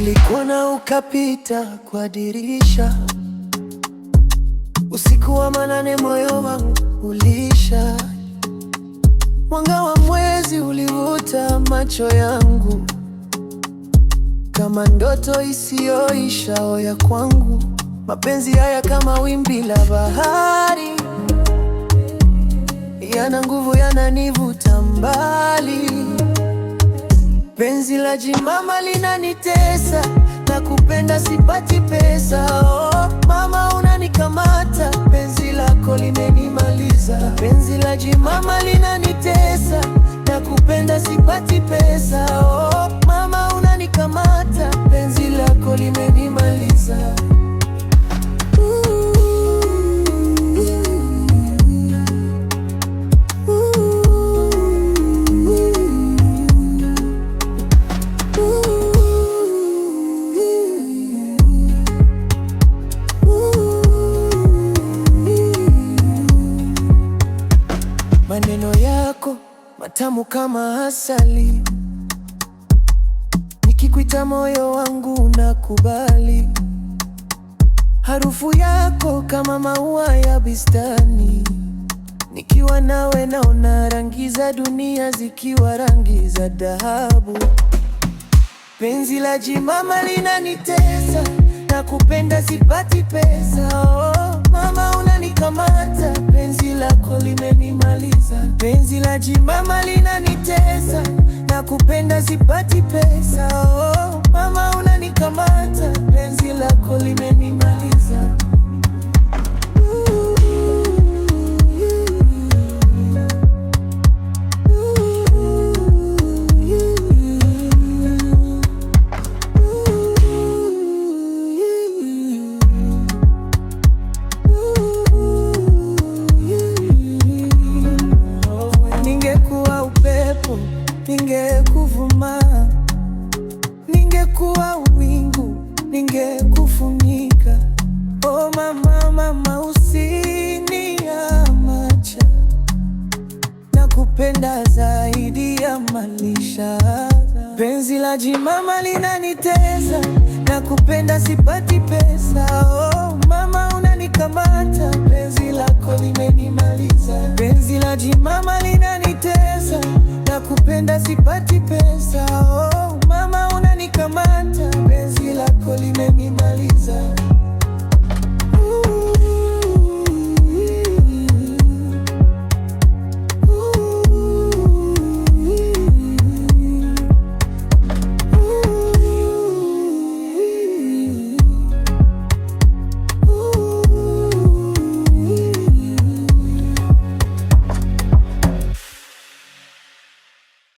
Nilikuona ukapita kwa dirisha usiku wa manane, moyo wangu ulisha. Mwanga wa mwezi ulivuta macho yangu kama ndoto isiyoisha, oya kwangu mapenzi haya kama wimbi la bahari, yana nguvu, yananivuta mbali Penzi la jimama linanitesa na kupenda sipati pesa. Oh, mama unanikamata, penzi lako limenimaliza. Penzi la jimama linanitesa na kupenda sipati pesa. Oh, mama unanikamata tamu kama asali, nikikuita moyo wangu nakubali, harufu yako kama maua ya bistani nikiwa nawe naona rangi za dunia zikiwa rangi za dhahabu. Penzi la jimama linanitesa, na kupenda sipati pesa. Oh, mama unanikamata, penzi lako limenimaliza. Penzi la jimama linanitesa na kupenda sipati pesa. Oh, mama una ningekuvuma, ningekuwa wingu, ningekufunika. Oh mama, mama, na nakupenda zaidi ya malisha. Penzi la jimama na nakupenda sipati pesa oh. Nakupenda sipati pesa, oh, mama unanikamata, penzi lako limenimaliza.